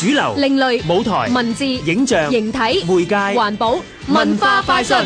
主流、另類舞台、文字、影像、形體、媒介、環保、文化快訊。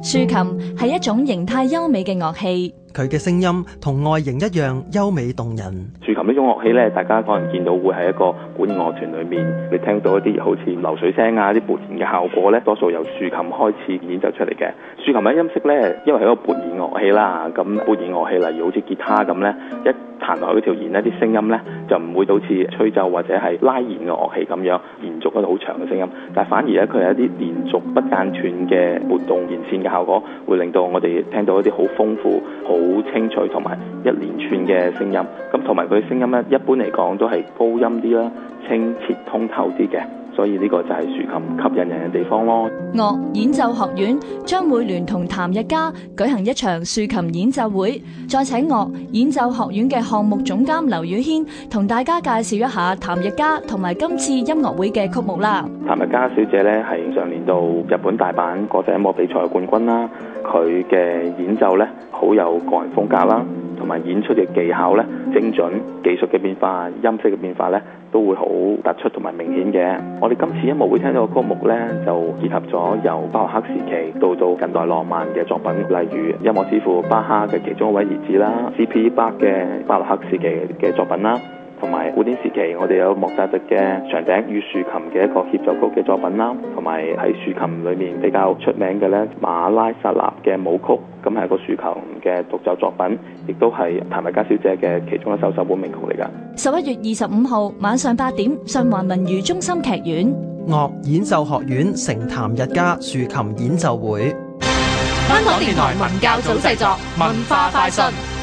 豎琴係一種形態優美嘅樂器，佢嘅聲音同外形一樣優美動人。豎琴呢種樂器咧，大家可能見到會喺一個管樂團裏面，你聽到一啲好似流水聲啊、啲撥弦嘅效果咧，多數由豎琴開始演奏出嚟嘅。豎琴嘅音色咧，因為係一個撥弦樂器啦，咁撥弦樂器例如好似吉他咁咧，一行落去嗰條弦咧，啲聲音呢樂。就唔會好似吹奏或者係拉弦嘅樂器咁樣連續嗰度好長嘅聲音，但反而咧佢係一啲連續不間斷嘅活動延線嘅效果，會令到我哋聽到一啲好豐富、好清脆同埋一連串嘅聲音。咁同埋佢嘅聲音咧，一般嚟講都係高音啲啦，清澈通透啲嘅。所以呢個就係豎琴吸引人嘅地方咯。樂演奏學院將會聯同譚日嘉舉行一場豎琴演奏會，再請樂演奏學院嘅項目總監劉宇軒同大家介紹一下譚日嘉同埋今次音樂會嘅曲目啦。譚日嘉小姐咧係上年度日本大阪國際音樂比賽嘅冠軍啦。佢嘅演奏咧好有個人風格啦，同埋演出嘅技巧咧精準，技術嘅變化、音色嘅變化咧都會好突出同埋明顯嘅。我哋今次音樂會聽到嘅曲目咧就結合咗由巴洛克時期到到近代浪漫嘅作品，例如音樂之父巴哈嘅其中一位兒子啦，C.P. 8嘅巴洛克時期嘅作品啦。同埋古典時期，我哋有莫扎特嘅《長笛與豎琴》嘅一個協奏曲嘅作品啦，同埋喺豎琴裏面比較出名嘅咧，馬拉薩納嘅舞曲，咁係個豎琴嘅獨奏作品，亦都係譚日家小姐嘅其中一首首本名曲嚟噶。十一月二十五號晚上八點，上環文娛中心劇院樂演奏學院盛譚日家豎琴演奏會。香港電台文教組製作，文，總製作文化快訊。